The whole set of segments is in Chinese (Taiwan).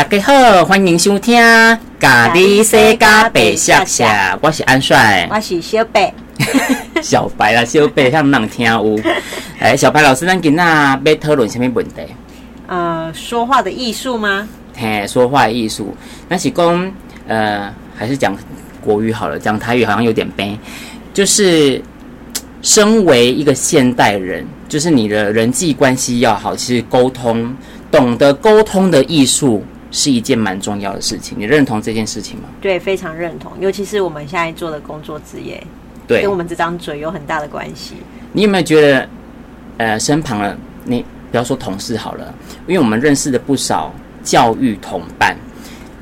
大家好，歡迎收聽《咖喱世咖白色下》，我是安帥、欸，我是小白， 小白啦，啊，小白，向人聽有。哎、 欸，小白老師，咱今日要討論什麼問題？呃，說話的藝術嗎？嘿，欸，說話的藝術。咱是公，呃，還是講國語好了，講台語好像有點悲。就是，身為一個現代人，就是你的人際關係要好，其實溝通，懂得溝通的藝術。是一件蠻重要的事情，你認同這件事情嗎？對，非常認同，尤其是我們現在做的工作職業，對，跟我們這張嘴有很大的關係。你有沒有覺得，呃，身旁的你，不要說同事好了，因為我們認識了不少教育同伴，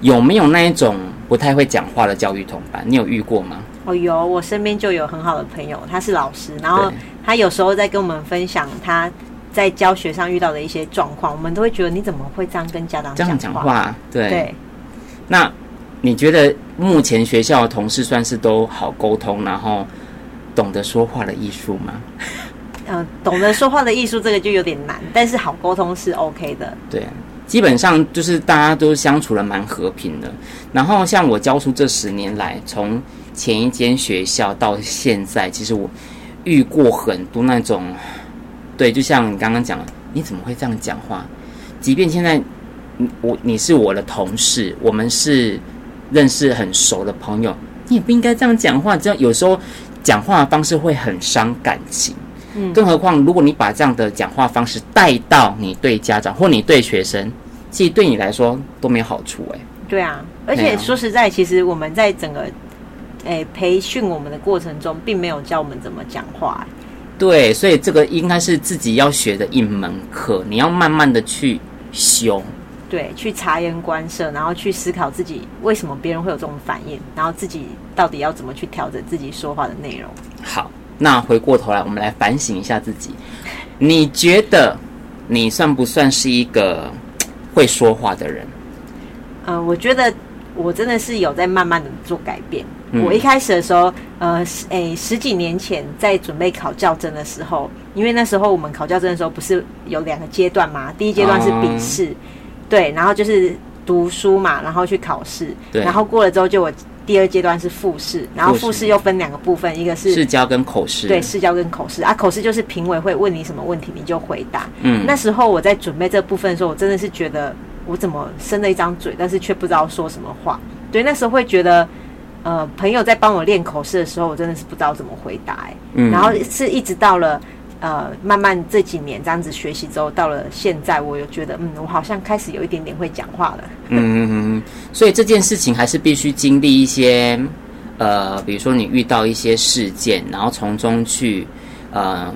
有沒有那一種不太會講話的教育同伴？你有遇過嗎？哦有，我身邊就有很好的朋友，他是老師，然後他有時候在跟我們分享他在教學上遇到的一些狀況，我們都會覺得你怎麼會這樣跟家長講話？這樣講話，對。對。那你覺得目前學校的同事算是都好溝通，然後懂得說話的藝術嗎？嗯，懂得說話的藝術這個就有點難， 但是好溝通是 OK 的。對，基本上就是大家都相處得蠻和平的。然後像我教書這十年來，從前一間學校到現在，其實我遇過很多那種。對，就像你剛剛講了，你怎麼會這樣講話？即便現在，你我你是我的同事，我們是認識很熟的朋友，你也不應該這樣講話。這樣有時候講話的方式會很傷感情。嗯，更何況如果你把這樣的講話方式帶到你對家長或你對學生，其實對你來說都沒有好處。欸。哎，對啊，而且、啊、說實在，其實我們在整個哎培訓我們的過程中，並沒有教我們怎麼講話。對，所以這個應該是自己要學的一門課，你要慢慢的去修。對，去察言觀色，然後去思考自己為什麼別人會有這種反應，然後自己到底要怎麼去調整自己說話的內容。好，那回過頭來，我們來反省一下自己，你覺得你算不算是一個會說話的人？呃，我覺得我真的是有在慢慢的做改變。我一開始的時候，嗯、呃，誒、欸，十幾年前在準備考教證的時候，因為那時候我們考教證的時候不是有兩個階段嘛？第一階段是筆試，哦，對，然後就是讀書嘛，然後去考試，然後過了之後就我第二階段是複試，然後複試又分兩個部分，一個是試教跟口試，對，試教跟口試啊，口試就是評委會問你什麼問題，你就回答。嗯，那時候我在準備這部分的時候，我真的是覺得我怎麼生了一張嘴，但是卻不知道說什麼話。對，那時候會覺得。呃，朋友在幫我練口試的時候，我真的是不知道怎麼回答、欸，哎、嗯，然後是一直到了呃，慢慢這幾年這樣子學習之後，到了現在，我又覺得，嗯，我好像開始有一點點會講話了。嗯嗯嗯。所以這件事情還是必須經歷一些呃，比如說你遇到一些事件，然後從中去呃，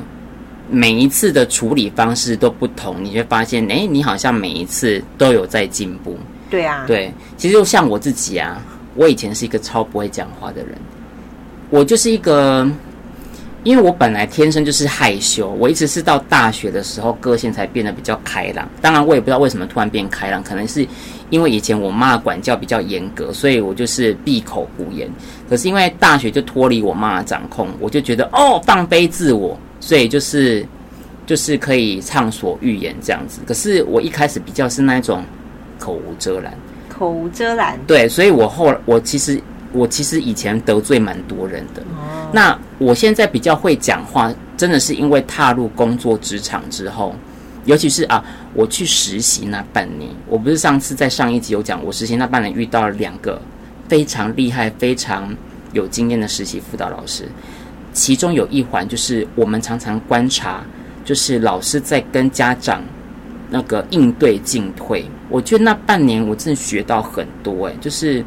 每一次的處理方式都不同，你會發現，哎，你好像每一次都有在進步。對啊。對，其實就像我自己啊。我以前是一個超不會講話的人，我就是一個，因為我本來天生就是害羞，我一直是到大學的時候個性才變得比較開朗。當然，我也不知道為什麼突然變開朗，可能是因為以前我媽管教比較嚴格，所以我就是閉口不言。可是因為大學就脫離我媽的掌控，我就覺得哦，放飛自我，所以就是就是可以暢所欲言這樣子。可是我一開始比較是那一種口無遮攔。口無遮攔。對，所以我後來我其實我其實以前得罪蠻多人的，哦。那我現在比較會講話，真的是因為踏入工作職場之後，尤其是啊，我去實習那半年，我不是上次在上一集有講，我實習那半年遇到了兩個非常厲害、非常有經驗的實習輔導老師，其中有一環就是我們常常觀察，就是老師在跟家長。那個應對進退，我覺得那半年我真的學到很多哎、欸，就是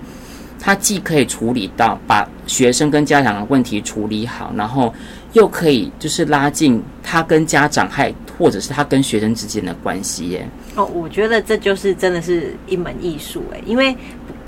他既可以處理到把學生跟家長的問題處理好，然後又可以就是拉近他跟家長還或者是他跟學生之間的關係耶、欸。哦，我覺得這就是真的是一門藝術哎，因為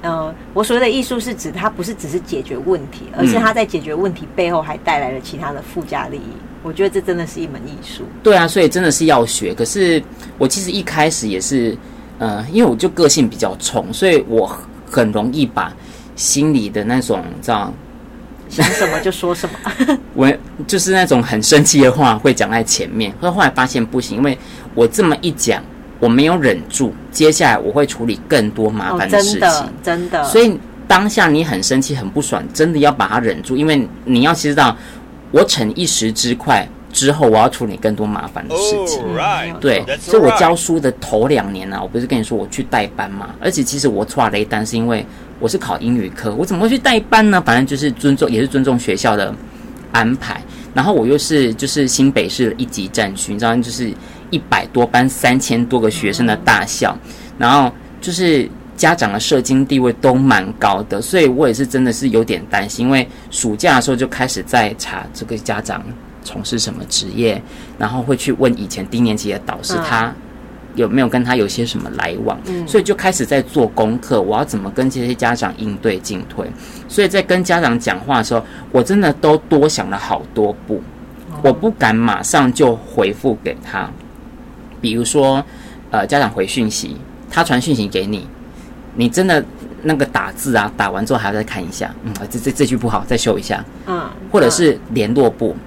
呃，我所謂的藝術是指它不是只是解決問題，而是它在解決問題背後還帶來了其他的附加利益。嗯我覺得這真的是一門藝術。對啊，所以真的是要學。可是我其實一開始也是，呃，因為我就個性比較衝，所以我很容易把心裡的那種這樣想什麼就說什麼。 我就是那種很生氣的話會講在前面，後來發現不行，因為我這麼一講，我沒有忍住，接下來我會處理更多麻煩的事情。哦，真的。真的，所以當下你很生氣、很不爽，真的要把它忍住，因為你要知道。我逞一時之快，之後我要處理更多麻煩的事情。Oh, right. 對，right. 所以我教書的頭兩年呢、啊，我不是跟你說我去代班嘛？而且其實我踹了一單，是因為我是考英語科，我怎麼會去代班呢？反正就是尊重，也是尊重學校的安排。然後我又是就是新北市的一級戰區，你知道，就是一百多班、三千多個學生的大校，然後就是。家長的社經地位都蠻高的，所以我也是真的是有點擔心。因為暑假的時候就開始在查這個家長從事什麼職業，然後會去問以前低年級的導師他，啊、有沒有跟他有些什麼來往，所以就開始在做功課、嗯，我要怎麼跟這些家長應對進退？所以在跟家長講話的時候，我真的都多想了好多步，我不敢馬上就回復給他。比如說，呃，家長回訊息，他傳訊息給你。你真的那個打字啊，打完之後還要再看一下，嗯，這這這句不好，再修一下，嗯，或者是聯絡簿、嗯，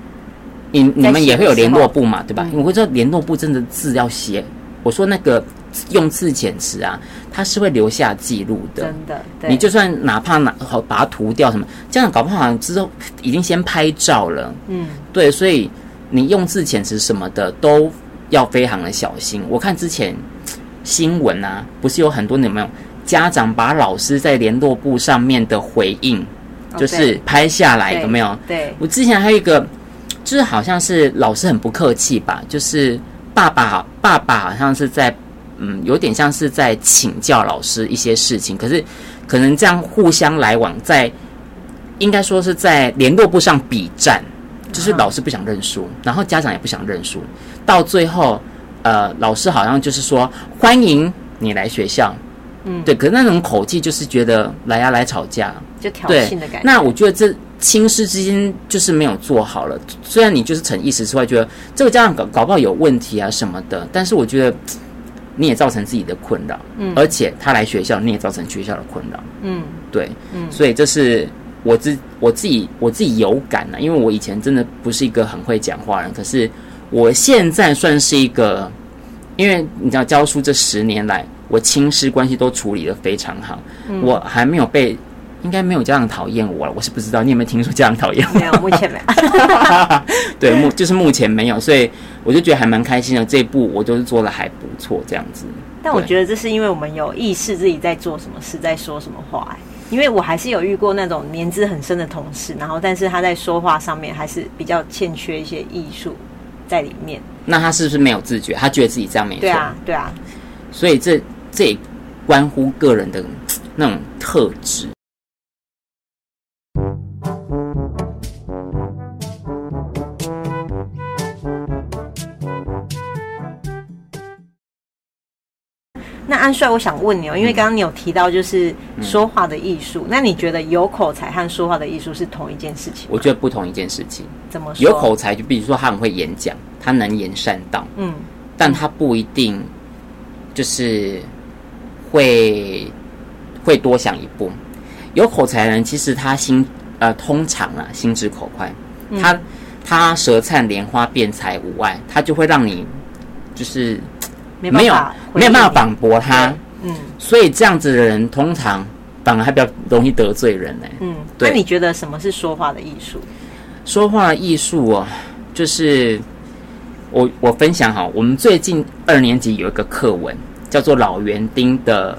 你你們也會有聯絡簿嘛，對吧？嗯、我會說聯絡簿真的字要寫，我說那個用字遣詞啊，它是會留下記錄的，真的，對，你就算哪怕哪好把它塗掉什麼，這樣搞不好，好像之後已經先拍照了，嗯，對，所以你用字遣詞什麼的都要非常的小心。我看之前新聞啊，不是有很多你們家長把老師在聯絡簿上面的回應就是拍下來，oh, 有沒有？對，對，我之前還有一個，就是好像是老師很不客氣吧，就是爸爸爸爸好像是在嗯，有點像是在請教老師一些事情，可是可能這樣互相來往在，在應該說是在聯絡簿上筆戰，就是老師不想認輸，oh. 然後家長也不想認輸，到最後呃，老師好像就是說歡迎你來學校。嗯，對，可是那種口氣就是覺得來呀、啊、來吵架，就挑釁的感覺。那我覺得這親師之間就是沒有做好了。雖然你就是逞一時之外，覺得這個家長搞搞不好有問題啊什麼的，但是我覺得你也造成自己的困擾，嗯、而且他來學校你也造成學校的困擾，嗯，對，嗯，所以這是我自我自己我自己有感啊，因為我以前真的不是一個很會講話人，可是我現在算是一個，因為你知道教書這十年來。我親師關係都處理的非常好，嗯，我還沒有被，應該沒有家長討厭我了。我是不知道你有沒有聽說家長討厭我？沒有，目前沒有。 對，目就是目前沒有，所以我就覺得還蠻開心的。這一步我就是做的還不錯，這樣子。但我覺得這是因為我們有意識自己在做什麼事，在說什麼話，欸。因為我還是有遇過那種年資很深的同事，然後但是他在說話上面還是比較欠缺一些藝術在裡面。那他是不是沒有自覺？他覺得自己這樣沒錯。對啊，對啊。所以這。這關乎個人的那種特質。那安帥，我想問你哦，因為剛剛你有提到就是說話的藝術，嗯、那你覺得有口才和說話的藝術是同一件事情嗎？我覺得不同一件事情。怎麼說？有口才，就比如說他很會演講，他能言善道，嗯，但他不一定就是。會會多想一步，有口才的人其實他心呃，通常啊心直口快，嗯、他他舌燦蓮花辯才無礙，他就會讓你就是沒，沒有天天沒有辦法反駁他，嗯，所以這樣子的人通常反而還比較容易得罪人呢。嗯，對。那、啊、你覺得什麼是說話的藝術？說話的藝術哦，就是我我分享哈，我們最近二年級有一個課文。叫做老園丁的，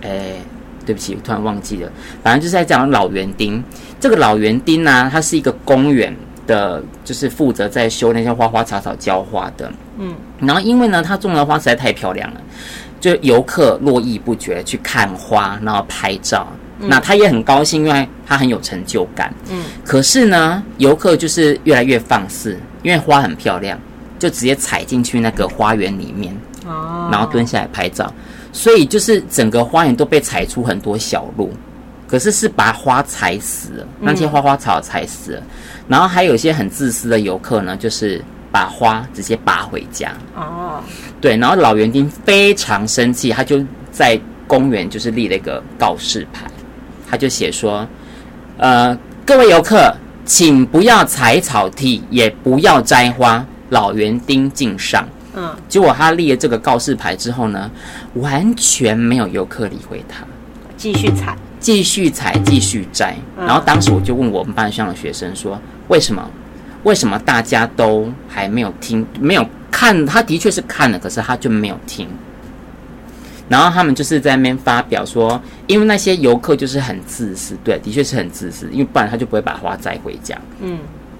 誒、欸，對不起，我突然忘記了。反正就是在講老園丁。這個老園丁呢、啊，他是一個公園的，就是負責在修那些花花草草，澆花的。嗯。然後因為呢，他種的花實在太漂亮了，就遊客絡繹不絕去看花，然後拍照。嗯。那他也很高興，因為他很有成就感。嗯。可是呢，遊客就是越來越放肆，因為花很漂亮，就直接踩進去那個花園裡面。然後蹲下來拍照，所以就是整個花園都被踩出很多小路，可是是把花踩死了，那些花花草踩死了，嗯，然後還有一些很自私的遊客呢，就是把花直接拔回家。哦，對，然後老園丁非常生氣，他就在公園就是立了一個告示牌，他就寫說：呃，各位遊客，請不要踩草地，也不要摘花，老園丁敬上。嗯，結果他立了這個告示牌之後呢，完全沒有遊客理會他，繼續採，繼續採，繼續摘，嗯。然後當時我就問我們班上的學生說，為什麼？為什麼大家都還沒有聽？沒有看？他的確是看了，可是他就沒有聽。然後他們就是在那邊發表說，因為那些遊客就是很自私，對，的確是很自私，因為不然他就不會把花摘回家。嗯，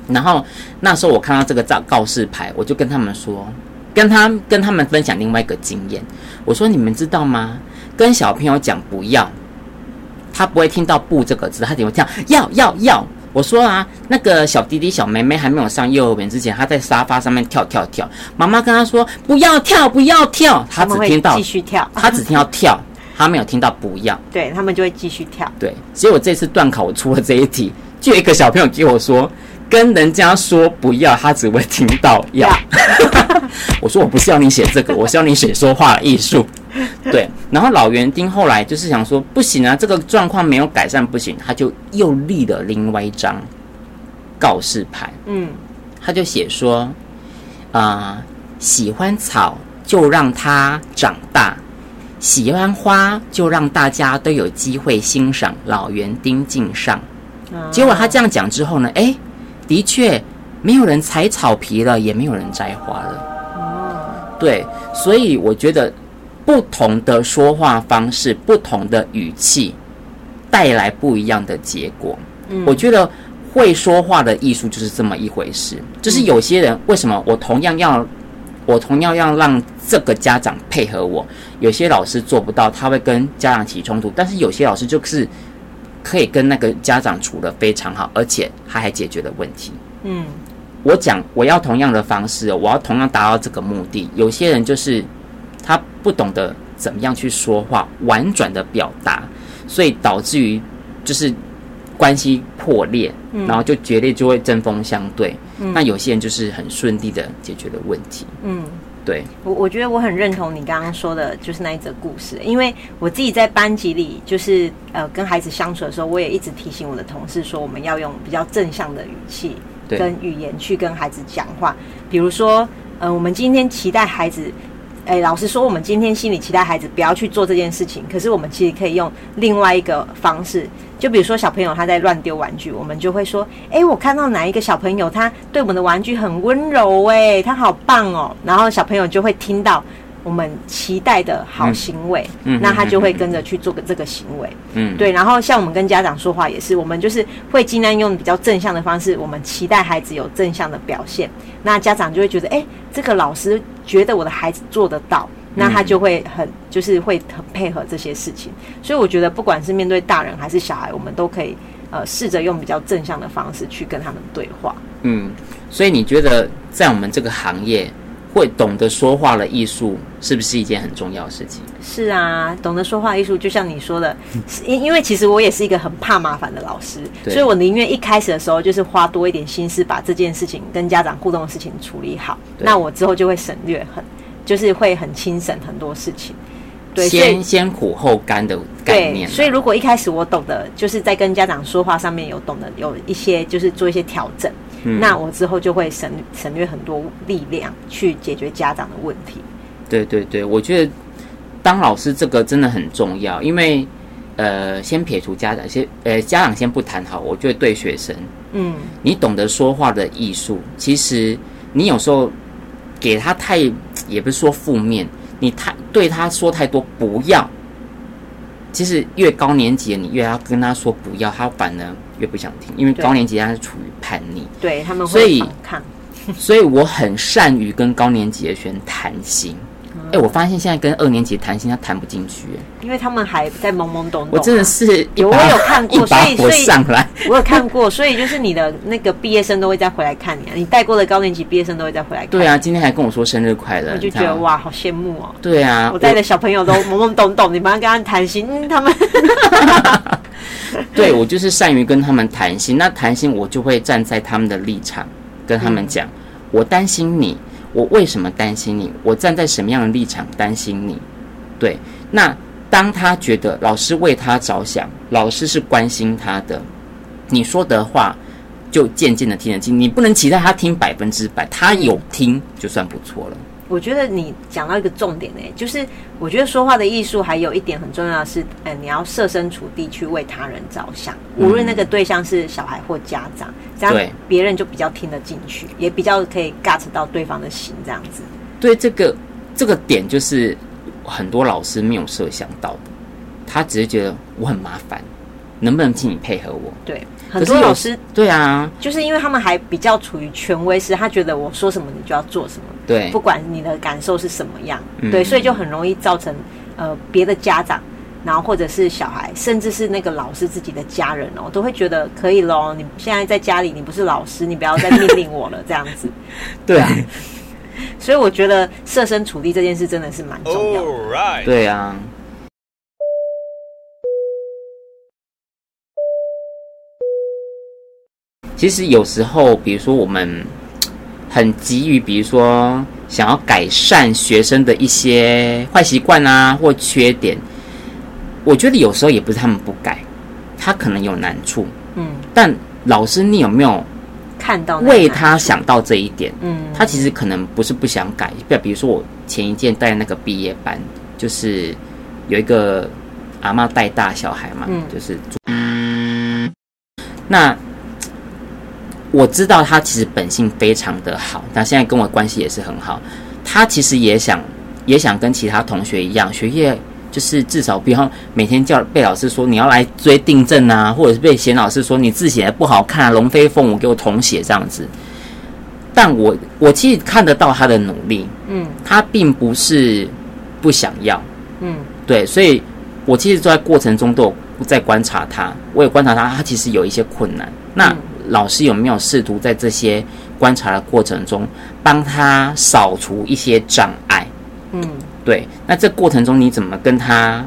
然後那時候我看到這個照告示牌，我就跟他們說。跟他跟他們分享另外一個經驗。我說：“你們知道嗎？跟小朋友講不要，他不會聽到不這個字，他只會跳要要要。”我說啊，那個小弟弟小妹妹還沒有上幼兒園之前，他在沙發上面跳跳跳，媽媽跟他說：“不要跳，不要跳。”他只聽到繼續跳， 他只聽到跳，他沒有聽到不要，對，他們就會繼續跳。對，結果這次段考我出了這一題，就有一個小朋友跟我說。跟人家說不要，他只會聽到要。 我說我不是要你寫這個，我是要你寫說話的藝術。對，然後老園丁後來就是想說不行啊，這個狀況沒有改善不行，他就又立了另外一張告示牌。嗯，他就寫說啊、呃，喜歡草就讓它長大，喜歡花就讓大家都有機會欣賞。老園丁敬上。結果他這樣講之後呢，哎、欸。的確，沒有人踩草皮了，也沒有人摘花了。對，所以我覺得不同的說話方式、不同的語氣帶來不一樣的結果。嗯。我覺得會說話的藝術就是這麼一回事。就是有些人為什麼我同樣要，我同樣要讓這個家長配合我，有些老師做不到，他會跟家長起衝突，但是有些老師就是。可以跟那個家長處得非常好，而且他還解決了問題。嗯，我講我要同樣的方式，我要同樣達到這個目的。有些人就是他不懂得怎麼樣去說話，婉轉的表達，所以導致於就是關係破裂，嗯、然後就決裂，就會針鋒相對、嗯。那有些人就是很順利的解決了問題。嗯。對我，我覺得我很認同你剛剛說的，就是那一則故事。因為我自己在班級裡，就是呃，跟孩子相處的時候，我也一直提醒我的同事說，我們要用比較正向的語氣對，跟語言去跟孩子講話。比如說，呃，我們今天期待孩子。誒，老師說，我們今天心裡期待孩子不要去做這件事情。可是，我們其實可以用另外一個方式，就比如說，小朋友他在亂丟玩具，我們就會說：“誒，我看到哪一個小朋友，他對我們的玩具很溫柔，誒，他好棒哦。”然後小朋友就會聽到。我們期待的好行為，嗯嗯、那他就會跟着去做個這個行為。嗯，對。然後像我們跟家長說話也是，我們就是會盡量用比較正向的方式。我們期待孩子有正向的表現，那家長就會覺得，哎、欸，這個老師覺得我的孩子做得到，那他就會很、嗯、就是會很配合這些事情。所以我覺得，不管是面對大人還是小孩，我們都可以呃試着用比較正向的方式去跟他們對話。嗯，所以你覺得在我們這個行業？會懂得說話的藝術，是不是一件很重要的事情？是啊，懂得說話藝術，就像你說的，因 因為其實我也是一個很怕麻煩的老師，所以我寧願一開始的時候就是花多一點心思，把這件事情跟家長互動的事情處理好，那我之後就會省略很，就是會很輕省很多事情。對，先先苦後甘的概念啊。所以如果一開始我懂得，就是在跟家長說話上面有懂得有一些，就是做一些調整。那我之後就會省省略很多力量去解決家長的問題。對對對，我覺得當老師這個真的很重要，因為呃，先撇除家長先，呃，家長先不談好，我覺得對學生，嗯，你懂得說話的藝術，其實你有時候給他太也不是說負面，你太對他說太多不要，其實越高年級的你，越要跟他說不要，他反而越不想聽，因為高年級他是處於叛逆，對，對他們會，所以，哦、 所以我很善於跟高年級的學生談心。哎、欸，我發現現在跟二年級談心，他談不進去，因為他們還在懵懵懂懂。我真的是有，我有看過， 所以，一把火上來。 我有看過，所以就是你的那個畢業生都會再回、啊、回來看你，你帶過的高年級畢業生都會再回來看你。對啊，今天還跟我說生日快樂，我就覺得哇，好羨慕哦。對啊，我帶的小朋友都懵懵懂懂， 你不要跟他們談心、嗯，他們 。 對，我就是善於跟他們談心。那談心，我就會站在他們的立場跟他們講、嗯，我擔心你。我為什麼擔心你？我站在什麼樣的立場擔心你？對，那當他覺得老師為他着想，老師是關心他的，你說的話就漸漸的聽得進。你不能期待他聽百分之百，他有聽就算不錯了。我覺得你講到一個重點呢、欸，就是我覺得說話的藝術還有一點很重要的是，嗯、哎，你要設身處地去為他人着想、嗯，無論那個對象是小孩或家長，這樣別人就比較聽得進去，也比較可以 get 到對方的心，這樣子。對，這個這個點就是很多老師沒有設想到的，他只是覺得我很麻煩，能不能請你配合我？對。很多老師，對啊，就是因為他們還比較處於權威式，他覺得我說什麼你就要做什麼，對，不管你的感受是什麼樣，嗯、對，所以就很容易造成呃別的家長，然後或者是小孩，甚至是那個老師自己的家人哦、喔，都會覺得可以嘍。你現在在家裡，你不是老師，你不要再命令我了，這樣子， 對啊。對啊 所以我覺得設身處地這件事真的是蠻重要的，Alright. 對啊。其實有時候，比如說我們很急於，比如說想要改善學生的一些壞習慣啊或缺點，我覺得有時候也不是他們不改，他可能有難處。嗯。但老師，你有沒有看到為他想到這一點？嗯。他其實可能不是不想改，比比如說我前一屆帶那個畢業班，就是有一個阿嬤帶大小孩嘛，嗯、就是嗯，那。我知道他其實本性非常的好，但現在跟我的關係也是很好。他其實也想，也想跟其他同學一樣，學業就是至少不要每天叫被老師說你要來追訂正啊，或者是被嫌老師說你字寫得不好看啊，龍飛鳳舞給我重寫這樣子。但我我其實看得到他的努力，嗯，他並不是不想要，嗯，對，所以我其實在過程中都有在觀察他，我也觀察他，他其實有一些困難，那。嗯老師有沒有試圖在這些觀察的過程中幫他掃除一些障礙？嗯，對。那這過程中你怎麼跟他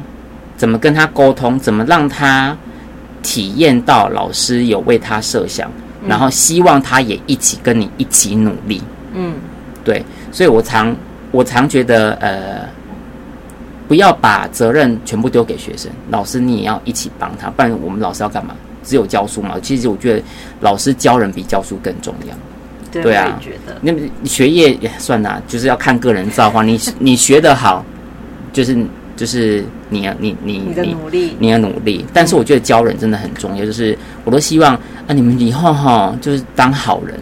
怎麼跟他溝通？怎麼讓他體驗到老師有為他設想，嗯，然後希望他也一起跟你一起努力？嗯，對。所以我常我常覺得，呃，不要把責任全部丟給學生，老師你也要一起幫他，不然我們老師要幹嘛？只有教書嘛，其實我覺得老師教人，比教書更重要，對，對啊。那麼學業也算啦、啊，就是要看個人造化。你你學得好， 就是就是你你你你，你努力，你要努力。但是我覺得教人真的很重要，嗯、就是我都希望啊，你們以後哈，就是當好人。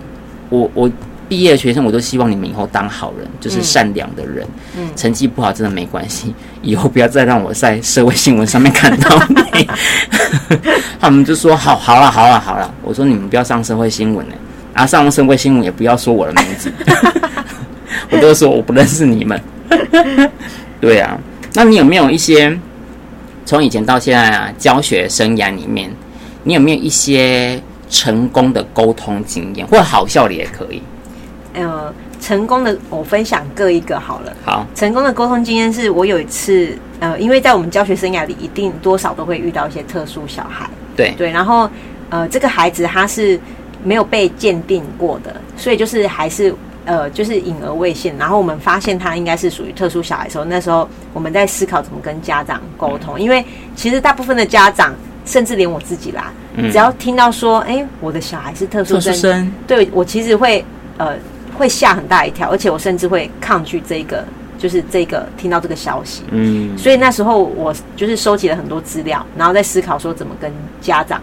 我我。畢業的學生，我都希望你們以後當好人，就是善良的人。嗯，嗯。成績不好真的沒關係，以後不要再讓我在社會新聞上面看到你。 他們就說：“好好了，好了，好了。好啦”我說：“你們不要上社會新聞呢、欸！啊」然後上社會新聞也不要說我的名字。 ”我都說：“我不認識你們。 ”對啊，那你有沒有一些從以前到現在啊，教學生涯裡面，你有沒有一些成功的溝通經驗，或者好笑的也可以？呃，成功的我分享各一個好了。好，成功的溝通經驗是我有一次，呃，因為在我們教學生涯裡，一定多少都會遇到一些特殊小孩。對對，然後呃，這個孩子他是沒有被鑑定過的，所以就是還是呃，就是隱而未現。然後我們發現他應該是屬於特殊小孩的時候，那時候我們在思考怎麼跟家長溝通、嗯，因為其實大部分的家長，甚至連我自己啦，嗯、只要聽到說，哎、欸，我的小孩是特殊生，殊生，對我其實會呃。會嚇很大一跳，而且我甚至會抗拒這個，就是這個聽到這個消息。嗯，所以那時候我就是收集了很多資料，然後在思考說怎麼跟家長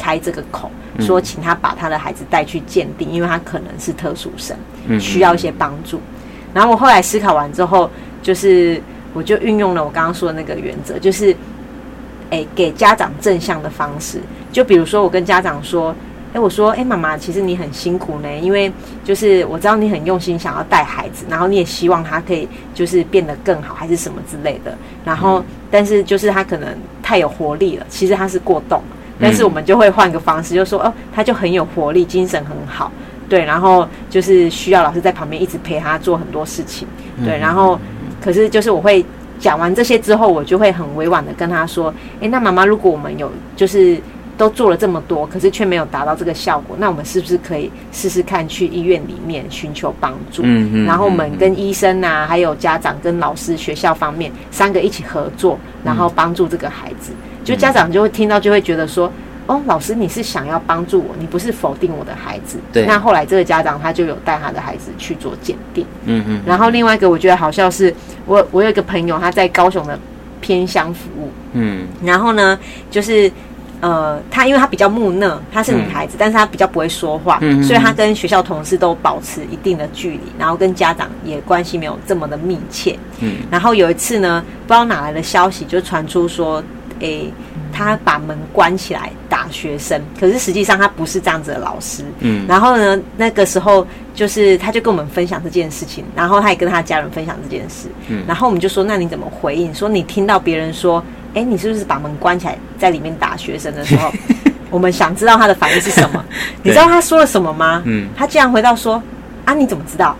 開這個口，嗯、說請他把他的孩子帶去鑑定，因為他可能是特殊生，嗯、需要一些幫助、嗯。然後我後來思考完之後，就是我就運用了我剛剛說的那個原則，就是誒，給家長正向的方式，就比如說我跟家長說。哎，我說，哎，媽媽，其實你很辛苦呢，因為就是我知道你很用心想要帶孩子，然後你也希望他可以就是變得更好，還是什麼之類的。然後，嗯、但是就是他可能太有活力了，其實他是過動，但是我們就會換一個方式，就說、嗯、哦，他就很有活力，精神很好，對，然後就是需要老師在旁邊一直陪他做很多事情，嗯、對，然後，可是就是我會講完這些之後，我就會很委婉地跟他說，哎，那媽媽，如果我們有就是。都做了這麼多，可是卻沒有達到這個效果，那我們是不是可以試試看去醫院裡面尋求幫助？嗯嗯。然後我們跟醫生啊、嗯，還有家長跟老師、學校方面三個一起合作，然後幫助這個孩子。嗯、就家長就會聽到，就會覺得說：“嗯、哦，老師，你是想要幫助我，你不是否定我的孩子。”對。那後來這個家長他就有帶他的孩子去做鑑定。嗯嗯。然後另外一個我覺得好笑是，我我有一個朋友，他在高雄的偏鄉服務。嗯。然後呢，就是。呃，她因為她比較木訥，她是女孩子，嗯、但是她比較不會說話，嗯，所以她跟學校同事都保持一定的距離、嗯，然後跟家長也關係沒有這麼的密切。嗯，然後有一次呢，不知道哪來的消息就傳出說，誒、欸，他把門關起來打學生，可是實際上他不是這樣子的老師。嗯，然後呢，那個時候就是他就跟我們分享這件事情，然後他也跟他家人分享這件事。嗯，然後我們就說，那你怎麼回應？說你聽到別人說。哎、欸，你是不是把門關起來，在裡面打學生的時候， 我們想知道他的反應是什麼？ 你知道他說了什麼嗎？嗯，他竟然回答說：“啊，你怎麼知道？”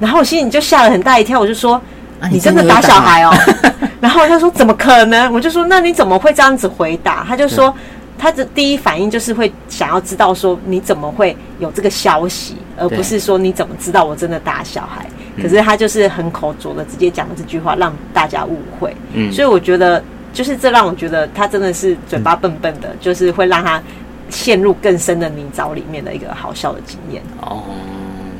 然後我心裡就嚇了很大一跳，我就說：“啊、你真的打小孩哦、喔？” 然後他說：“怎麼可能？”我就說：“那你怎麼會這樣子回答？”他就說：“他的第一反應就是會想要知道說你怎麼會有這個消息，而不是說你怎麼知道我真的打小孩。嗯”可是他就是很口拙的直接講了這句話，讓大家誤會。嗯，所以我覺得。就是這讓我覺得他真的是嘴巴笨笨的、嗯，就是會讓他陷入更深的泥沼裡面的一個好笑的經驗哦、嗯。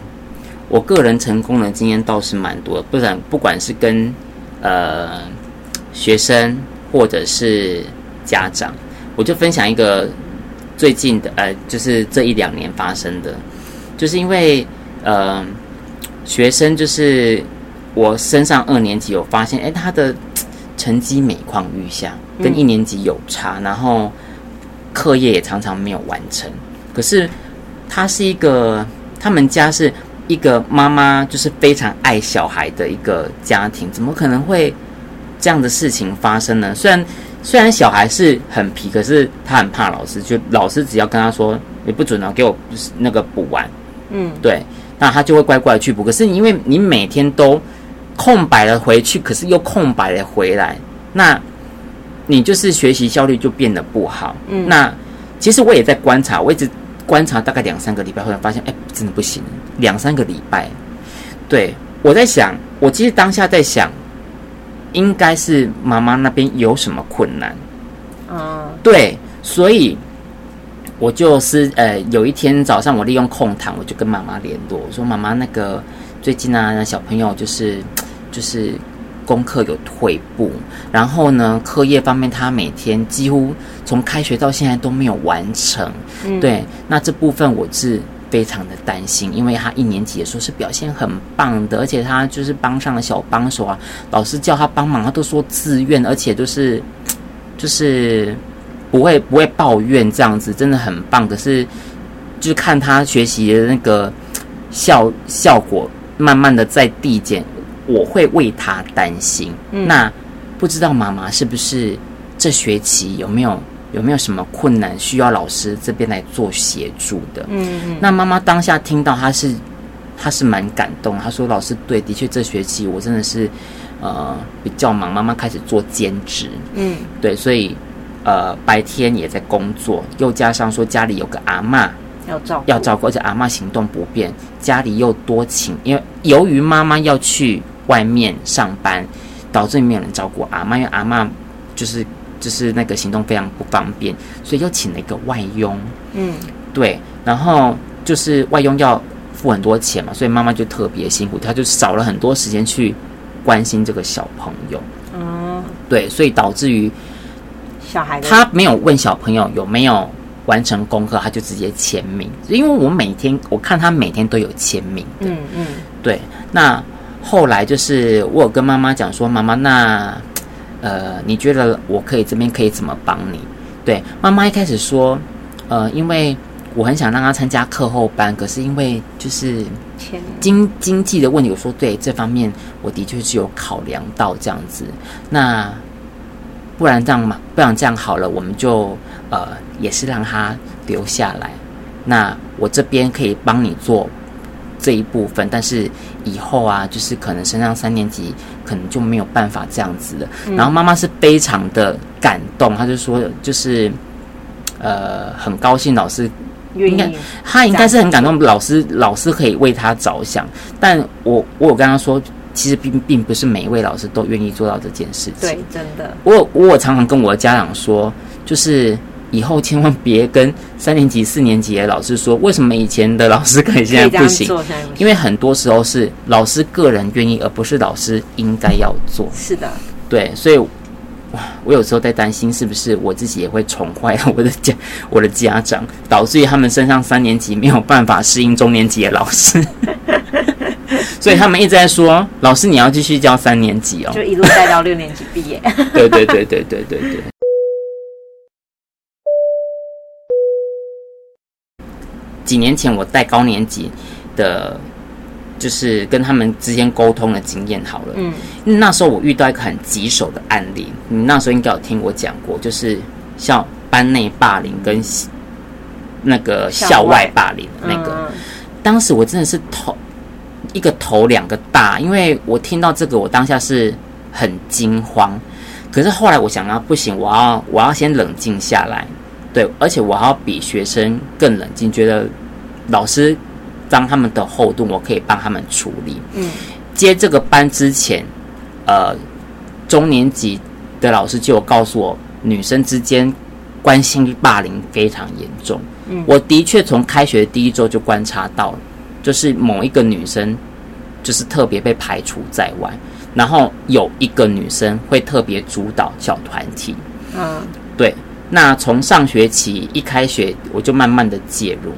我個人成功的經驗倒是蠻多，不然不管是跟呃學生或者是家長，我就分享一個最近的呃，就是這一兩年發生的，就是因為呃學生就是我升上二年級有發現，哎、欸、他的。成績每況愈下，跟一年級有差、嗯，然後課業也常常沒有完成。可是他是一個，他們家是一個媽媽，就是非常愛小孩的一個家庭，怎麼可能會這樣的事情發生呢？雖然雖然小孩是很皮，可是他很怕老師，就老師只要跟他說你不准了、啊，給我就是那個補完，嗯，對，那他就會乖乖去補。可是因為你每天都。空白了回去，可是又空白了回來，那你就是學習效率就變得不好。嗯，那其實我也在觀察，我一直觀察大概兩三個禮拜，後來發現，哎、欸，真的不行。兩三個禮拜，對我在想，我其實當下在想，應該是媽媽那邊有什麼困難？嗯，對，所以，我就是呃，有一天早上我利用空檔，我就跟媽媽聯絡，我說媽媽，那個最近啊，那小朋友就是。就是功課有退步，然後呢，課業方面他每天幾乎從開學到現在都沒有完成。嗯。對，那這部分我是非常的擔心，因為他一年級的時候是表現很棒的，而且他就是幫上了小幫手啊，老師叫他幫忙，他都說自願，而且就是就是不會不會抱怨這樣子，真的很棒。可是就看他學習的那個效效果，慢慢的在遞減，我會為他擔心，嗯。那不知道媽媽是不是這學期有沒有有沒有什麼困難需要老師這邊來做協助的？嗯，那媽媽當下聽到他是他是蠻感動。他說：“老師對，的確這學期我真的是呃比較忙。媽媽開始做兼職，嗯，對，所以呃白天也在工作，又加上說家裡有個阿嬤要照顧要照顧，而且阿嬤行動不便，家裡又多情，因為由於媽媽要去。”外面上班，導致沒有人照顧阿媽，因為阿媽就是就是那個行動非常不方便，所以就請了一個外傭。嗯，對，然後就是外傭要付很多錢嘛，所以媽媽就特別辛苦，她就少了很多時間去關心這個小朋友。嗯，對，所以導致於小孩他沒有問小朋友有沒有完成功課，他就直接簽名。因為我每天我看他每天都有簽名的。嗯嗯，對，那。後來就是我有跟媽媽講說，媽媽，那，呃，你覺得我可以這邊可以怎麼幫你？對，媽媽一開始說，呃，因為我很想讓他參加課後班，可是因為就是經經濟的問題，我說，對這方面我的確是有考量到這樣子。那不然這樣嘛，不然這樣好了，我們就呃也是讓他留下來。那我這邊可以幫你做這一部分，但是以後啊，就是可能升上三年級，可能就沒有辦法這樣子了。嗯、然後媽媽是非常的感動，她就說，就是呃，很高興老師應該她應該是很感動老師，老師可以為她着想。但我我有跟她說，其實並並不是每一位老師都願意做到這件事情。對，真的。我我常常跟我的家長說，就是。以後千萬別跟三年級、四年級的老師說，為什麼以前的老師可以，現在不行？因為很多時候是老師個人願意，而不是老師應該要做。是的，對，所以，我有時候在擔心，是不是我自己也會寵壞了我的家、我的家長，導致於他們升上三年級沒有辦法適應中年級的老師。所以他們一直在說：“老師，你要繼續教三年級哦，就一路帶到六年級畢業。”對對對對對對對，對。幾年前，我帶高年級的，就是跟他們之間溝通的經驗好了。嗯，那時候我遇到一個很棘手的案例，你那時候應該有聽我講過，就是像班內霸凌跟那個校外霸凌那個。當時我真的是頭一個頭兩個大，因為我聽到這個，我當下是很驚慌。可是後來我想到，啊，不行，我要我要先冷靜下來。對，而且我還要比學生更冷靜覺得老師當他們的後盾，我可以幫他們處理。嗯，接這個班之前，呃，中年級的老師就有告訴我，女生之間關係霸凌非常嚴重。嗯，我的確從開學第一週就觀察到了，就是某一個女生就是特別被排除在外，然後有一個女生會特別主導小團體。嗯，對。那從上學期一開學，我就慢慢的介入，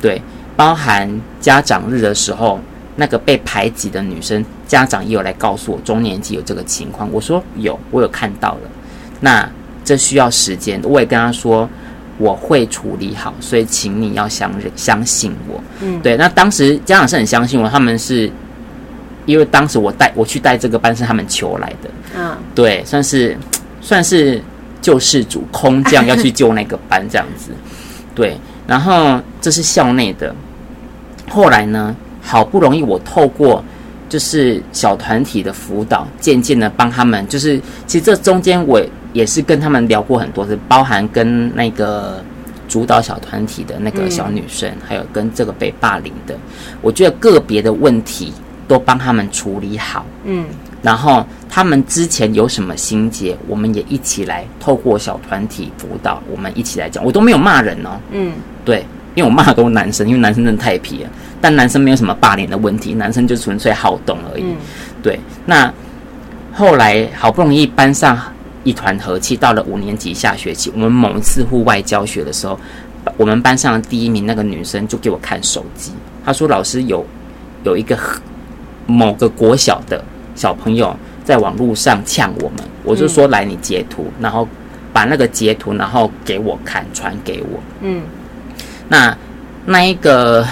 對，包含家長日的時候，那個被排擠的女生家長也有來告訴我，中年級有這個情況，我說有，我有看到了，那這需要時間，我也跟他說我會處理好，所以請你要相相信我，嗯，對，那當時家長是很相信我，他們是因為當時我帶我去帶這個班是他們求來的，嗯、哦，對，算是算是。救世主空降要去救那個班這樣子，對。然後這是校內的。後來呢，好不容易我透過就是小團體的輔導，漸漸的幫他們。就是其實這中間我也是跟他們聊過很多次，包含跟那個主導小團體的那個小女生，還有跟這個被霸凌的、嗯，我覺得個別的問題都幫他們處理好。嗯。然後他們之前有什麼心結，我們也一起來透過小團體輔導，我們一起來講。我都沒有罵人哦，嗯，對，因為我罵都男生，因為男生真的太皮了，但男生沒有什麼霸凌的問題，男生就純粹好動而已，嗯。對。那後來好不容易班上一團和氣，到了五年級下學期，我們某一次戶外教學的時候，我們班上的第一名那個女生就給我看手機，她說：“老師有，有有一個某個國小的。”小朋友在網路上嗆我們，我就說，來，你截圖。嗯，然後把那個截圖，然後給我看，傳給我。嗯，那那一個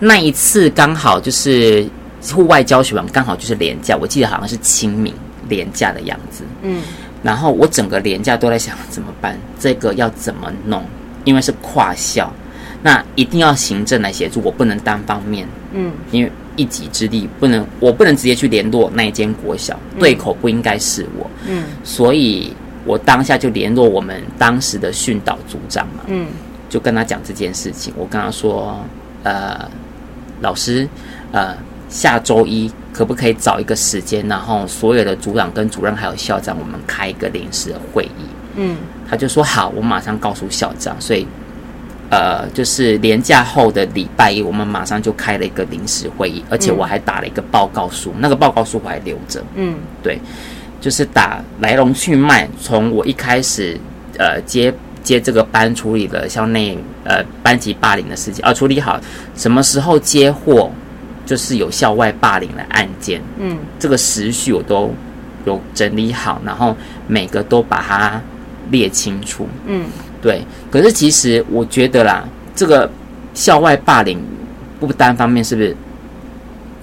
那一次剛好就是戶外教學嘛，剛好就是連假，我記得好像是清明連假的樣子。嗯，然後我整個連假都在想怎麼辦，這個要怎麼弄？因為是跨校，那一定要行政來協助，我不能單方面。嗯，因為。一己之力不能，我不能直接去聯絡那一間國小、嗯，對口不應該是我。嗯，所以，我當下就聯絡我們當時的訓導組長嘛，嗯，就跟他講這件事情。我跟他說，呃，老師，呃，下周一可不可以找一個時間，然後所有的組長、跟主任還有校長，我們開一個臨時的會議。嗯，他就說好，我馬上告訴校長。所以。呃，就是連假後的禮拜一，我們馬上就開了一個臨時會議，而且我還打了一個報告書，嗯、那個報告書我還留着。嗯，對，就是打來龍去脈，從我一開始呃接接這個班處理了校內呃班級霸凌的事情，啊，處理好什麼時候接獲，就是有校外霸凌的案件，嗯，這個時序我都有整理好，然後每個都把它列清楚，嗯。對，可是其實我覺得啦，這個校外霸凌不單方面是不是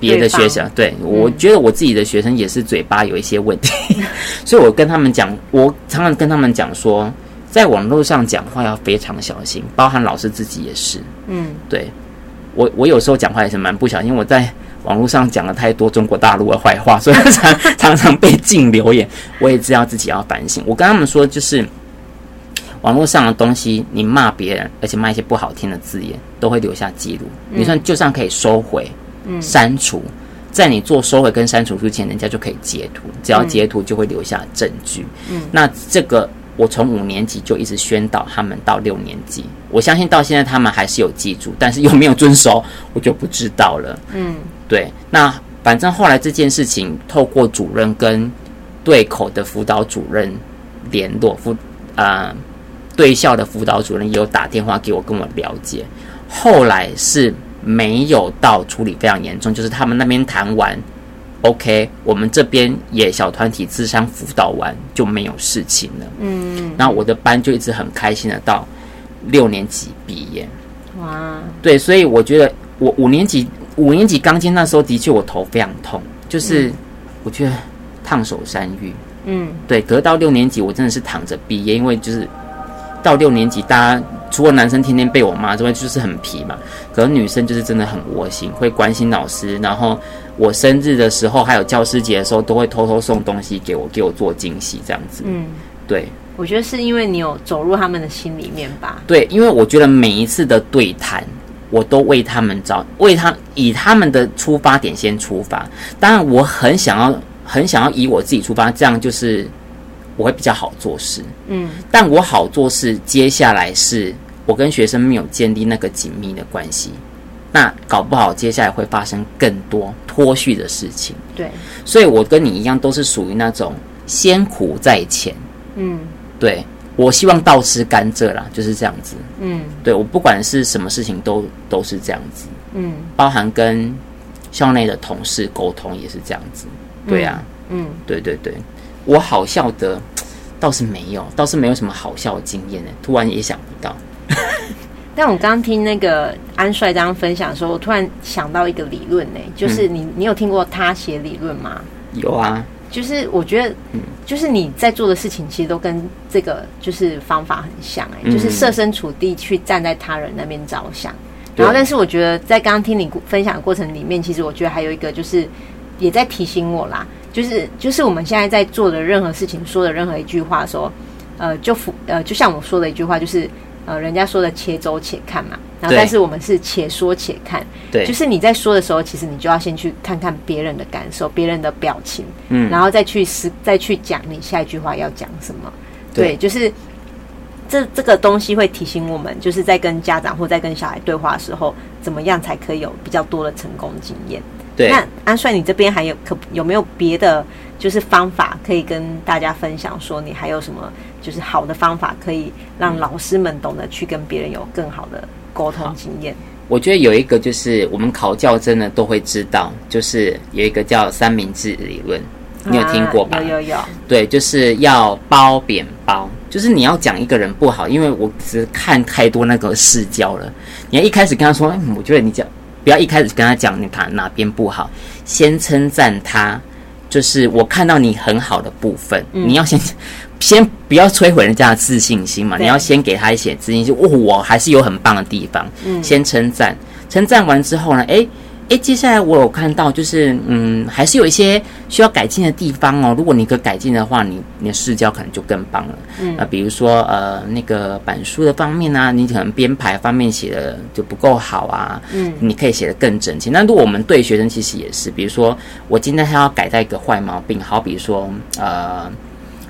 別的學生？對，對我覺得我自己的學生也是嘴巴有一些問題，嗯、 所以我跟他們講，我常常跟他們講說，在網絡上講話要非常小心，包含老師自己也是。嗯，對我我有時候講話也是蠻不小心，因為我在網絡上講了太多中國大陸的壞話，所以常 常常被禁留言。我也知道自己要反省。我跟他們說，就是。網絡上的東西，你罵別人，而且罵一些不好聽的字眼，都會留下記錄。嗯、你算就算可以收回、嗯、刪除，在你做收回跟刪除之前，人家就可以截圖，只要截圖就會留下證據。嗯，那這個我從五年級就一直宣導他們到六年級，我相信到現在他們還是有記住，但是又沒有遵守，我就不知道了。嗯，對。那反正後來這件事情，透過主任跟對口的輔導主任聯絡，輔啊。呃對校的輔導主任也有打電話給我，跟我了解。後來是沒有到處理非常嚴重，就是他們那邊談完，OK，我們這邊也小團體諮商輔導完就沒有事情了。嗯，然後我的班就一直很開心的到六年級畢業。哇，對，所以我覺得我五年級五年級剛進那時候的確我頭非常痛，就是我覺得燙手山芋。嗯，對，隔到六年級我真的是躺着畢業，因為就是。到六年級，大家除了男生天天被我罵之外，就是很皮嘛。可能女生就是真的很窩心，會關心老師。然後我生日的時候，還有教師節的時候，都會偷偷送東西給我，給我做驚喜這樣子。嗯，對，我覺得是因為你有走入他們的心裡面吧？對，因為我覺得每一次的對談，我都為他們找，為他以他們的出發點先出發。當然，我很想要，很想要以我自己出發，這樣就是。我會比較好做事，嗯，但我好做事，接下來是我跟學生沒有建立那個緊密的關係，那搞不好接下來會發生更多脫序的事情，對，所以我跟你一樣都是屬於那種先苦在前，嗯，對我希望倒吃甘蔗啦，就是這樣子，嗯，對我不管是什麼事情都都是這樣子，嗯，包含跟校內的同事溝通也是這樣子，對啊，嗯，嗯對對對。我好笑的倒是沒有，倒是沒有什麼好笑的經驗呢、欸。突然也想不到。 但我剛剛聽那個安帥剛剛分享的時候，我突然想到一個理論呢、欸，就是你、嗯、你有聽過他寫理論嗎？有啊，就是我覺得、嗯，就是你在做的事情其實都跟這個就是方法很像哎、欸，就是設身處地去站在他人那邊着想、嗯。然後，但是我覺得在剛剛聽你分享的過程裡面，其實我覺得還有一個就是。也在提醒我啦，就是就是我們現在在做的任何事情，說的任何一句話的時候，呃，就呃，就像我說的一句話，就是呃，人家說的“且走且看”嘛，然後但是我們是“且說且看”，對，就是你在說的時候，其實你就要先去看看別人的感受、別人的表情，嗯，然後再去實再去講你下一句話要講什麼，對，對就是這這個東西會提醒我們，就是在跟家長或在跟小孩對話的時候，怎麼樣才可以有比較多的成功經驗。對，那安帥，你這邊還有可有沒有別的就是方法可以跟大家分享？說你還有什麼就是好的方法可以讓老師們懂得去跟別人有更好的溝通經驗？我覺得有一個就是我們考教真的都會知道，就是有一個叫三明治理論，你有聽過吧？啊、有有有。對，就是要褒貶褒，就是你要講一個人不好，因為我只是看太多那個試教了，你要一開始跟他說，哎、我覺得你講。不要一開始跟他講你看哪邊不好，先稱讚他，就是我看到你很好的部分。嗯、你要先先不要摧毀人家的自信心嘛，你要先給他一些自信心，哦，我還是有很棒的地方。嗯、先稱讚，稱讚完之後呢，誒、欸。哎、欸，接下來我有看到，就是嗯，還是有一些需要改進的地方哦。如果你可改進的話，你你的試教可能就更棒了。嗯，啊、呃，比如說呃，那個板書的方面呢，啊，你可能編排方面寫的就不夠好啊。嗯，你可以寫的更整齊。那如果我們對學生，其實也是，比如說我今天還要改掉一個壞毛病，好比說呃，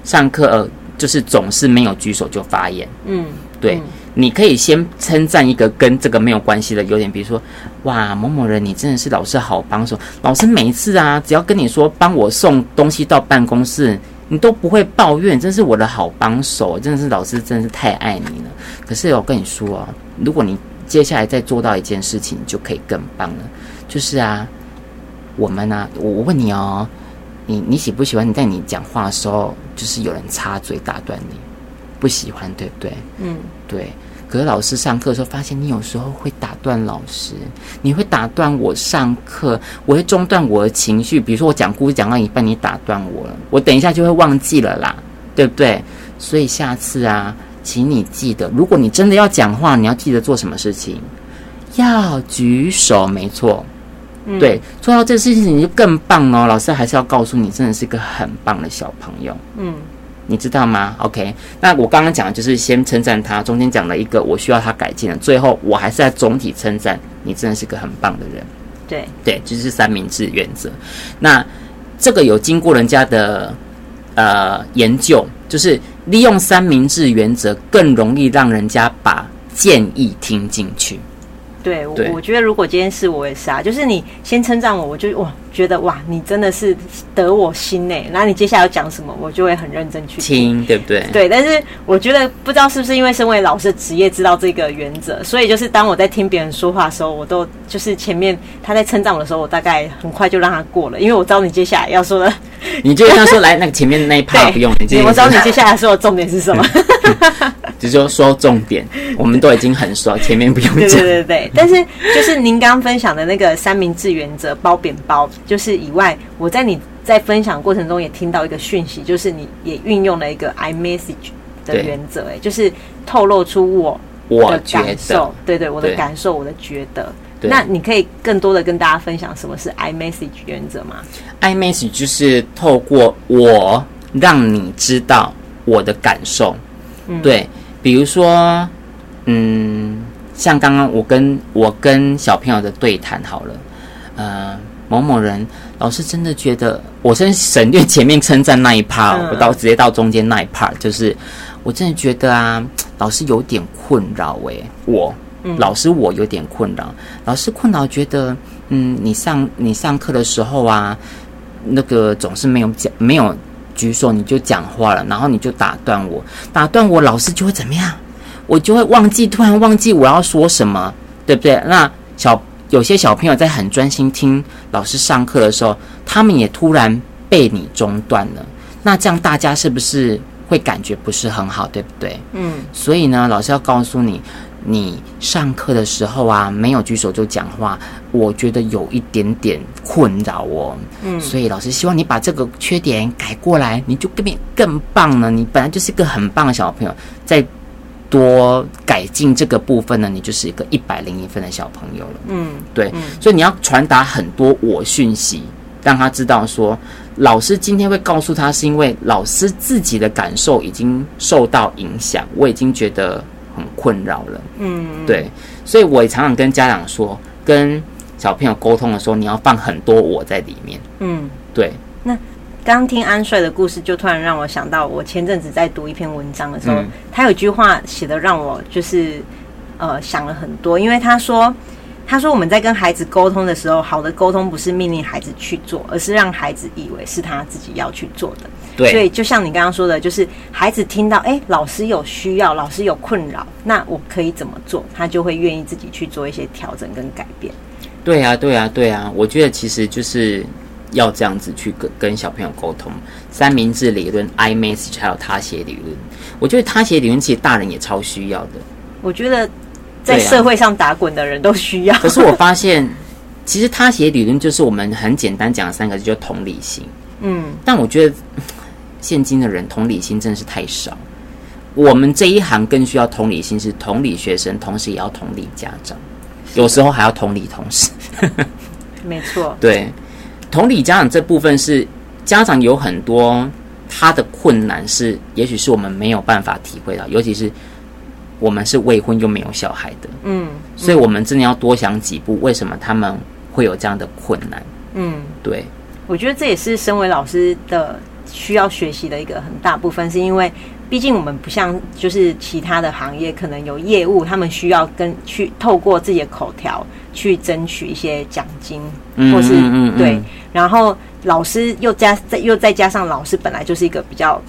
上課、呃、就是總是沒有舉手就發言。嗯，對。嗯你可以先稱讚一個跟這個沒有關係的優點，比如說，哇，某某人，你真的是老師好幫手，老師每一次啊，只要跟你說幫我送東西到辦公室，你都不會抱怨，真是我的好幫手，真的是老師，真是太愛你了。可是我跟你說哦，如果你接下來再做到一件事情，你就可以更棒了，就是啊，我們啊，我問你哦，你你喜不喜歡你在你講話的時候，就是有人插嘴打斷你？不喜歡，對不對？嗯，對。葛老師上課的時候發現，你有時候會打斷老師，你會打斷我上課，我會中斷我的情緒。比如說我講故事講到一半，你打斷我了，我等一下就會忘記了啦，對不對？所以下次啊，請你記得，如果你真的要講話，你要記得做什麼事情？要舉手，沒錯。嗯、對，做到這個事情你就更棒哦。老師還是要告訴你，真的是一個很棒的小朋友。嗯。你知道嗎？OK，那我剛剛講的就是先稱讚他，中間講了一個我需要他改進的，最後我還是在總體稱讚你，真的是個很棒的人。對對，就是三明治原則。那這個有經過人家的呃研究，就是利用三明治原則更容易讓人家把建議聽進去。對，我對，我覺得如果今天是我也是啊，就是你先稱讚我，我就哇覺得哇，你真的是得我心，欸、然那你接下來要講什麼，我就會很認真去聽，對不對？對。但是我覺得不知道是不是因為身為老師職業知道這個原則，所以就是當我在聽別人說話的時候，我都就是前面他在稱讚我的時候，我大概很快就讓他過了，因為我知道你接下來要說的，你就像說來那個前面的那一 part 不用了，因為我知道你接下來說的重點是什麼。 嗯嗯就說、是、說重點，我們都已經很熟， 前面不用講。對對對對，但是就是您剛剛分享的那個三明治原則，褒貶褒，就是以外，我在你在分享過程中也聽到一個訊息，就是你也運用了一個 I message 的原則，哎，就是透露出我我的感受，對對，我的感受，我的覺得，對。那你可以更多的跟大家分享什麼是 I message 原則嗎？I message 就是透過我讓你知道我的感受，嗯、對。比如說，嗯，像剛剛我跟我跟小朋友的對談好了，呃，某某人老師真的覺得，我先省略前面稱讚那一 part，嗯、我到直接到中間那一 part，就是我真的覺得啊，老師有點困擾誒、欸，我、嗯，老師我有點困擾，老師困擾覺得，嗯，你上你上課的時候啊，那個總是沒有講沒有。舉手你就講話了，然後你就打斷我，打斷我，老師就會怎麼樣？我就會忘記，突然忘記我要說什麼，對不對？那小有些小朋友在很專心聽老師上課的時候，他們也突然被你中斷了，那這樣大家是不是會感覺不是很好？對不對？嗯，所以呢，老師要告訴你。你上課的時候啊，沒有舉手就講話，我覺得有一點點困擾哦。嗯，所以老師希望你把這個缺點改過來，你就更變更棒了。你本來就是一個很棒的小朋友，再多改進這個部分呢，你就是一個一百零一分的小朋友了。嗯，對嗯，所以你要傳達很多我訊息，讓他知道說，老師今天會告訴他，是因為老師自己的感受已經受到影響，我已經覺得。很困擾了，嗯，對，所以我也常常跟家長說，跟小朋友溝通的時候，你要放很多我在裡面，嗯，對。那剛聽安帥的故事，就突然讓我想到，我前陣子在讀一篇文章的時候，嗯，他有一句話寫得讓我就是呃想了很多，因為他說他說我們在跟孩子溝通的時候，好的溝通不是命令孩子去做，而是讓孩子以為是他自己要去做的。對，所以，就像你剛剛說的，就是孩子聽到“哎，老師有需要，老師有困擾”，那我可以怎麼做？他就會願意自己去做一些調整跟改變。對啊，對啊，對啊！我覺得其實就是要這樣子去跟跟小朋友溝通。三明治理論、I message 還有他寫理論，我覺得他寫理論其實大人也超需要的。我覺得在社會上打滾的人都需要。啊、可是我發現， 其實他寫理論就是我們很簡單講的三個字，就是、同理心。嗯，但我覺得。現今的人同理心真的是太少。我們這一行更需要同理心，是同理學生，同時也要同理家長，有時候還要同理同事。 沒錯，對，同理家長這部分是，家長有很多他的困難是，也許是我們沒有辦法體會到，尤其是我們是未婚又沒有小孩的。嗯，嗯，所以我們真的要多想幾步，為什麼他們會有這樣的困難？嗯，對，我覺得這也是身為老師的。需要學習的一個很大部分，是因為畢竟我們不像就是其他的行業，可能有業務，他們需要跟去透過自己的口條去爭取一些獎金，嗯，或是嗯嗯嗯嗯嗯對，然後老師又加再又再加上老師本來就是一個比較，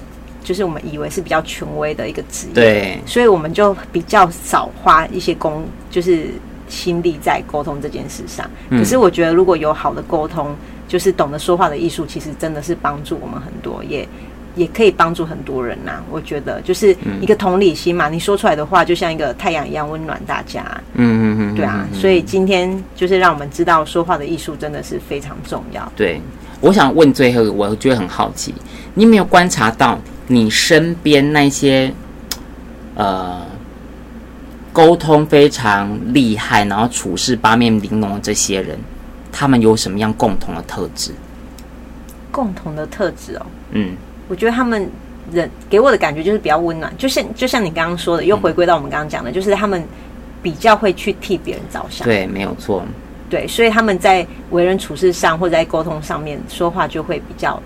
就是我們以為是比較權威的一個職業，對，所以我們就比較少花一些工，就是心力在溝通這件事上。可是我覺得如果有好的溝通。就是懂得說話的藝術，其實真的是幫助我們很多，也也可以幫助很多人吶、啊。我覺得就是一個同理心嘛、嗯，你說出來的話就像一個太陽一樣溫暖大家。嗯嗯嗯，對啊、嗯嗯。所以今天就是讓我們知道說話的藝術真的是非常重要。對，我想問最後一個，我覺得很好奇，你有沒有觀察到你身邊那些呃溝通非常厲害，然後處事八面玲瓏的這些人？他們有什麼樣共同的特質？共同的特質哦，嗯，我覺得他們人給我的感覺就是比較溫暖，就像就像你剛剛說的，又回歸到我們剛剛講的，嗯，就是他們比較會去替別人着想，對，沒有錯，對，所以他們在為人處事上或在溝通上面說話就會比較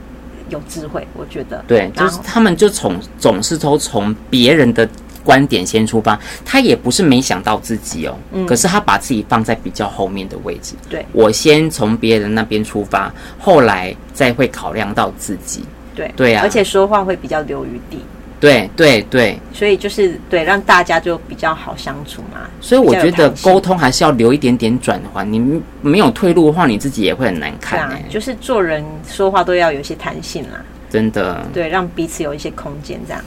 有智慧，我覺得，對，就是他們就從總是都從別人的。觀點先出發，他也不是沒想到自己哦、嗯，可是他把自己放在比較後面的位置。對，我先從別人那邊出發，後來再會考量到自己。對對啊，而且說話會比較留餘地。對對對，所以就是對，讓大家就比較好相處嘛。所以我覺得溝通還是要留一點點轉圜，你沒有退路的話，你自己也會很難看、欸啊。就是做人說話都要有一些彈性啦，真的。對，讓彼此有一些空間這樣。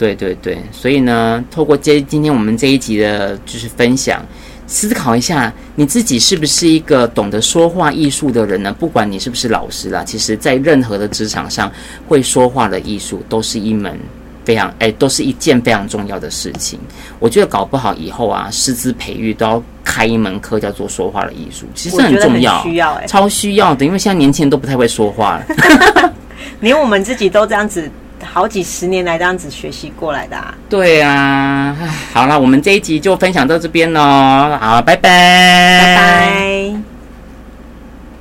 對對對，所以呢，透過今今天我們這一集的，就是分享，思考一下你自己是不是一個懂得說話藝術的人呢？不管你是不是老師啦，其實在任何的職場上，會說話的藝術都是一門非常，哎，都是一件非常重要的事情。我覺得搞不好以後啊，師資培育都要開一門課叫做說話的藝術，其實很重要，很需要、欸，超需要的，因為現在年輕人都不太會說話了， 連我們自己都這樣子。好幾十年來這樣子學習過來的，啊，對啊。好了，我們這一集就分享到這邊嘍。好，拜拜，拜拜。